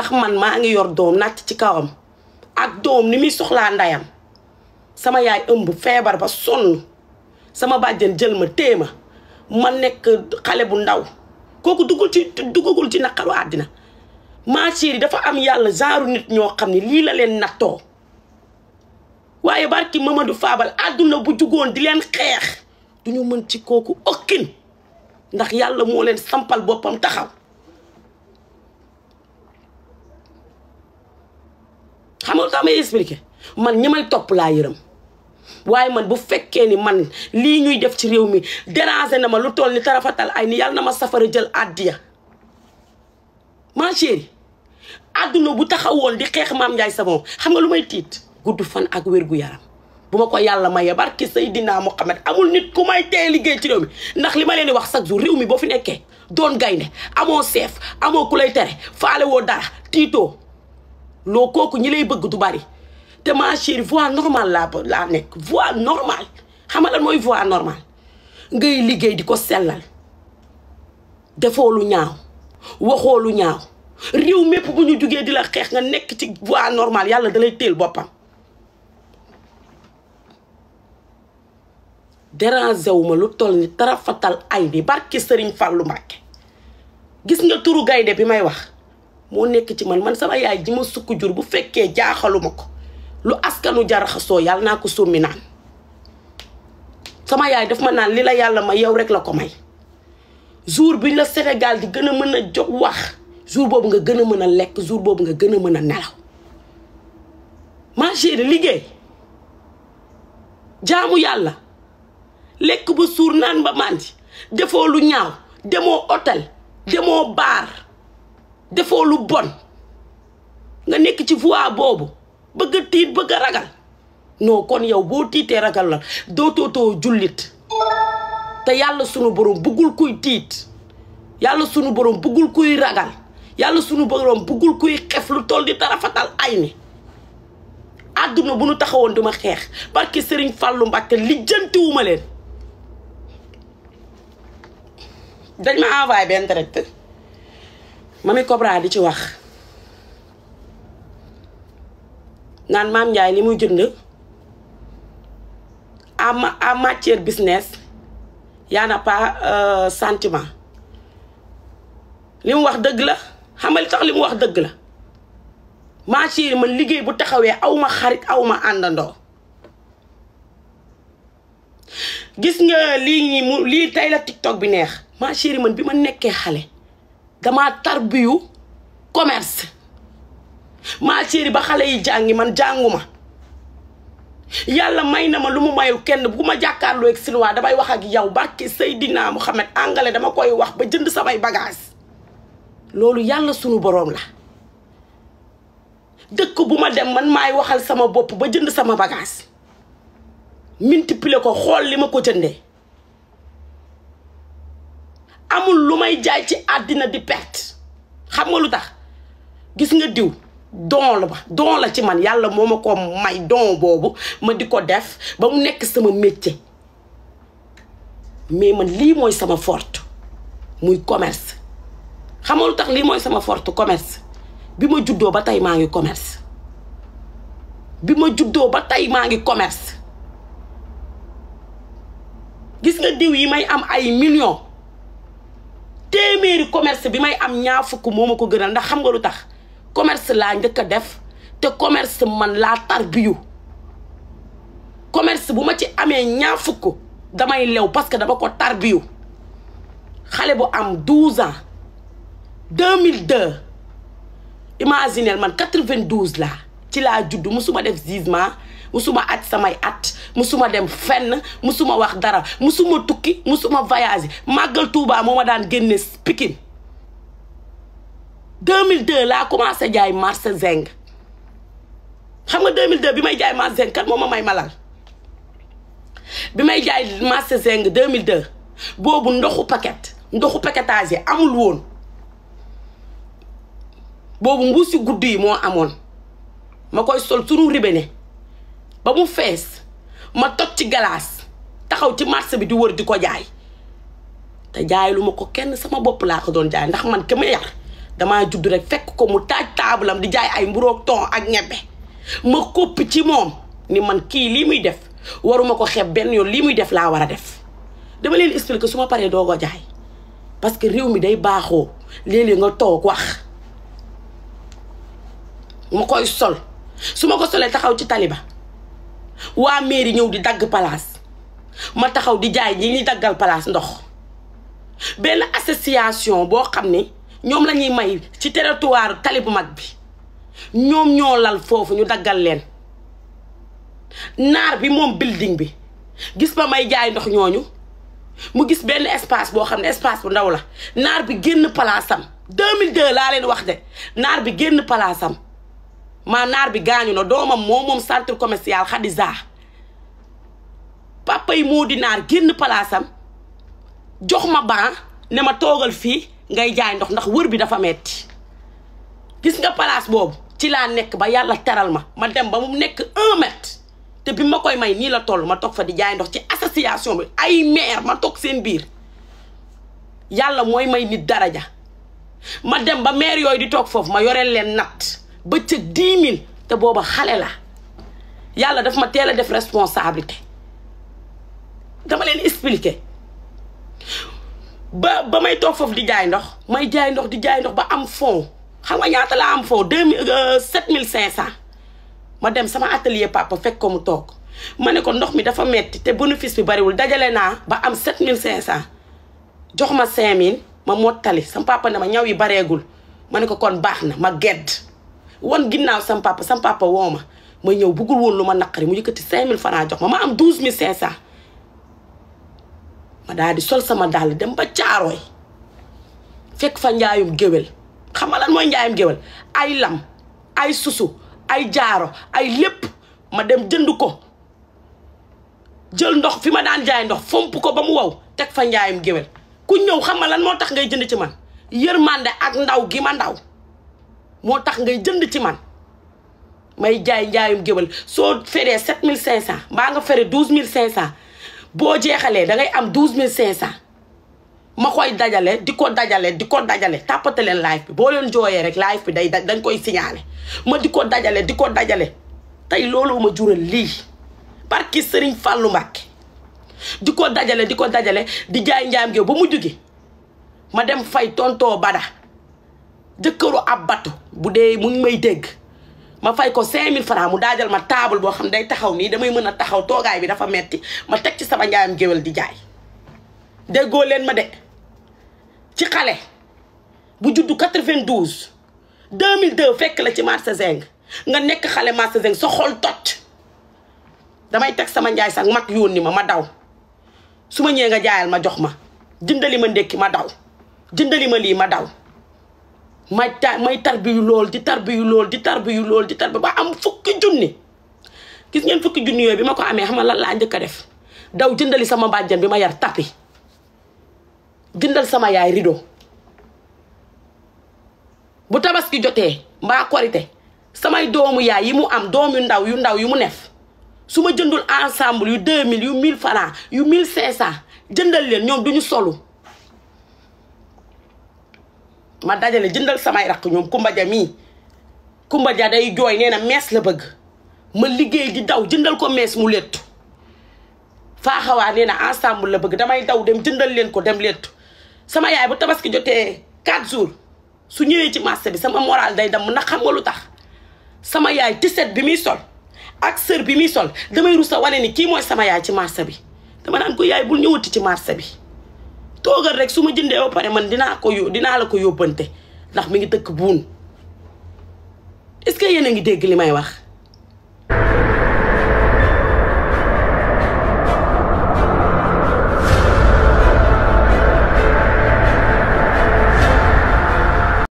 ndax man maa ngi yor doom nàcc ci kawam ak doom ni muy soxlaa ndayam sama yaay ëmb feebar ba sonn sama bàjjen jël ma téema ma nekk xale bu ndaw kooku duggul ci duggagul ci naqaru àddina ma dafa am yàlla zaaru nit ñoo xam ne lii la leen nattoo waaye barki Mamadou Fabal àdduna bu jugoon di leen xeex ñu mën ci kooku okkin ndax yàlla moo leen sampal boppam taxaw xam nga lu tax may man ñi may topp laa yërëm waaye man bu fekkee ni man lii ñuy def ci réew mi déranger na ma lu toll ni tarafatal ay ni yàlla na ma safara jël àddiya ma chérie àdduna bu taxawoon di xeex maam Ndiaye Savon xam nga lu may tiit gudd fan ak wér-gu-yaram bu ma ko yàlla maye barki Seydina Muhammad amul nit ku may teye liggéey ci réew mi ndax li ma leen wax chaque jour réew mi boo fi nekkee doon gaynde amoo seef amoo ku lay tere faale woo dara tiitoo loo kooku ñi lay bëgg du bari te ma chérie voie normale laa laa nekk voie normale xam nga lan mooy voie normale ngay liggéey di ko sellal defoo lu ñaaw waxoo lu ñaaw réew mépp bu ñu jugee di la xeex nga nekk ci voie normale yàlla dalay téel boppam déranger wu ma lu toll ni tarafatal ay bi barki sëriñ Fàllu Mbàkke gis nga turu gaynde bi may wax moo nekk ci man man sama yaay ji ma sukk jur bu fekkee jaaxaluma ko lu askanu jaraxasoo yàlla naa ko summi naan sama yaay daf ma naan li la yàlla ma yow rek la ko may jour bi la Sénégal di gën a mën a jox wax jour boobu nga gën a mën a lekk jour boobu nga gën a mën a nelaw ma chérie liggéey jaamu yàlla lekk ba suur naan ba màndi defoo lu ñaaw demoo hôtel demoo baar defoo lu bon nga nekk ci voie boobu bëgg tiit bëgg a ragal non kon yow boo tiitee ragal la dootootoo jullit te yàlla sunu borom bëggul kuy tiit yàlla sunu borom bëggul kuy ragal yàlla sunu borom bëggul kuy xef lu toll di tarafatal ay mi àdduna bu nu taxawoon duma xeex parce que fàllu Fallou Mbacké lijjantiwuma leen dañ ma envoyé benn direct mami Cobra di ci wax naan maam Ndiaye li muy jënd ama en matière business yaa na pas euh, sentiment li mu wax dëgg la xam nga li tax li mu wax dëgg la ma man liggéey bu taxawee awma xarit awma àndandoo gis nga lii ñi mu lii tey la bi neex ma man bi ma nekkee xale damaa tarbiyu commerce maa chéri ba xale yi jàngi man jànguma yàlla may na ma lu mu mayul kenn bu ma jàkkaarloo ak sinuwaa damay wax ak yow barki Seydina Muhammad angale dama koy wax ba jënd samay bagaas loolu yàlla sunu borom la dëkk bu ma dem man maay waxal sama bopp ba jënd sama bagage multiplier ko xool li ma ko jëndee amul lu may jaay ci àddina di perte xam nga lu tax gis nga diw don la don la ci man yàlla moo ma ko may don boobu ma di ko def ba mu nekk sama métier mais man lii mooy sama forte muy commerce xam nga lu tax lii mooy sama forte commerce bi ma juddoo ba tey maa ngi commerce bi ma juddoo ba tey maa ngi commerce gis nga diw yi may am ay million téeméeri commerce bi may am ñaar fukk moo ma ko a ndax xam nga lu tax commerce laa njëkk a def te commerce man laa tarbiyu commerce bu ma ci amee ñaar fukk damay lew parce que dama ko tarbiyu xale bu am 12 ans 2002 imaginel man 92 laa ci laa judd musuma def jugement musuma at samay at musuma dem fenn musuma wax dara musuma tukki musuma voyage màggal Touba moo ma daan génne Pikine 2002 laa commencé jaay marché Zeng xam nga 2002 bi may jaay marché moo ma may malal bi may jaay marché Zeng 2002 boobu ndoxu paquet ndoxu paquetage amul woon boobu mbuusi gudd yi moo amoon ma koy sol sunu ribene ba mu fees ma toj ci galaas taxaw ci marché bi di wër di ko jaay te jaay lu ma ko kenn sama bopp laa ko doon jaay ndax man ki ma yar damaa judd rek fekk ko mu taaj taabalam di jaay ay mburoog ton ak ñebbe ma kopp ci moom ni man kii lii muy def waruma ko xeeb benn yoon lii muy def laa war a def dama leen expliquer su ma paree doo ko parce que réew mi day baaxoo léeg nga toog wax ma koy sol su ma ko solee taxaw ci taliba waa mairie ñëw di dagg palaas ma taxaw di jaay ñi ñuy daggal palaas ndox benn association boo xam ne ñoom lañuy may ci territoire tali bu mag bi ñoom ñoo lal foofu ñu daggal leen naar bi moom building bi gis ma may jaay ndox ñooñu mu gis benn espace boo xam ne espace bu ndaw la naar bi génn palaasam 2002 laa leen wax de naar bi génn palaasam ma naar bi gaañu na doomam moo moom centre commercial Khadija papa yi moo di naar génn palaasam jox ma ban ne ma toogal fii ngay jaay ndox ndax wër bi dafa metti gis nga palaas boobu ci laa nekk ba yàlla teral ma ma dem ba mu nekk un mètre te bi ma koy may nii la toll ma toog fa di jaay ndox ci association bi ay maire ma toog seen biir yàlla mooy may nit daraja ma dem ba maire yooyu di toog foofu ma yoreel leen nat ba ca dix mille te booba xale la yàlla daf ma teel a def responsabilité dama leen expliquer ba ba may toog foofu di jaay ndox may jaay ndox di jaay ndox ba am fond xam nga ñaata laa am fond deux mille euh, sept mille cinq cent ma dem sama atelier papa fekk ko mu toog ma ne ko ndox mi dafa metti te bénéfice bi bariwul dajale naa ba am sept mille cinq cent jox ma cinq mille ma mottali sama papa ne ma ñaw yi bareegul ma ne ko kon baax na ma gedd wan ginnaaw sam papa sam woo ma ma ñëw bëggul woon lu ma naqari mu yëkkati 5000 francs jox ma ma am 12500 ma daal di sol sama dàll dem ba caarooy fekk fa njaayum géwél xam nga lan mooy njaayum géwél ay lam ay susu ay jaaro ay lépp ma dem jënd ko jël ndox fi ma daan jaay ndox fomp ko ba mu wow teg fa njaayum géwél ku ñëw xam nga lan moo tax ngay jënd ci man yërmande ak ndaw gi ma ndaw moo tax ngay jënd ci man may jaay njaayum géwal soo feree 7500 mbaa nga fere 12500 boo jeexalee da ngay am 12500 ma koy dajale di ko dajale di ko dajale tàppate leen bi boo leen jooyee rek live bi day dañ koy signaler ma di ko dajale di ko dajale tey loolu ma jural lii barki Sëriñ Fàllu Mbàkke di ko dajale di ko dajale di jaay njaayam géwal ba mu jóge ma dem fay tontoo bada jëkkëru ab batu bu dee mu may dégg ma fay ko mille francs mu daajal ma taabal boo xam day taxaw nii damay mën a taxaw toogaay bi dafa metti ma teg ci sama njaayam géwél di jaay déggoo leen ma de ci xale bu juddu 92 2002 fekk la ci marché nga nekk xale marché Zeng sa xol toj damay teg sama njaay sax mag yónni ma ma daw su ma ñëwee nga jaayal ma jox ma jëndali ma ndékki ma daw jëndali ma lii ma daw may ta may tarbiyu lool di tarbiyu lool di tarbiyu lool di tarbi ba am fukki junni gis ngeen fukki junni yooyu bi ma ko amee xam nga lan laa njëkk a def daw jëndali sama bàjjan bi ma yar tapi jëndal sama yaay rido bu tabaski jotee mbaa korite samay doomu yaay yi mu am doom yu ndaw yu ndaw yi mu nef su ma jëndul ensemble yu deux mille yu mille francs yu mille cinq cent jëndal leen ñoom du ñu solu ma dajale jëndal samay rakk ñoom Kumba Ja mii Kumba day jooy nee na mees la bëgg ma liggéey di daw jëndal ko mees mu léttu faaxawaa nee na ensemble la bëgg damay daw dem jëndal leen ko dem léttu sama yaay bu tabaski jotee 4 jours su ñëwee ci marché bi sama moral day dem na xam nga lu tax sama yaay tiset bi muy sol ak sër bi muy sol damay rusa wane ni kii mooy sama yaay ci marché bi dama naan ko yaay bul ñëwati ci marché bi toogal rek su ma jëndee ba pare man dinaa ko dinaa la ko yóbbante ndax mi ngi dëkk buun est-ce que yéen a ngi dégg li may wax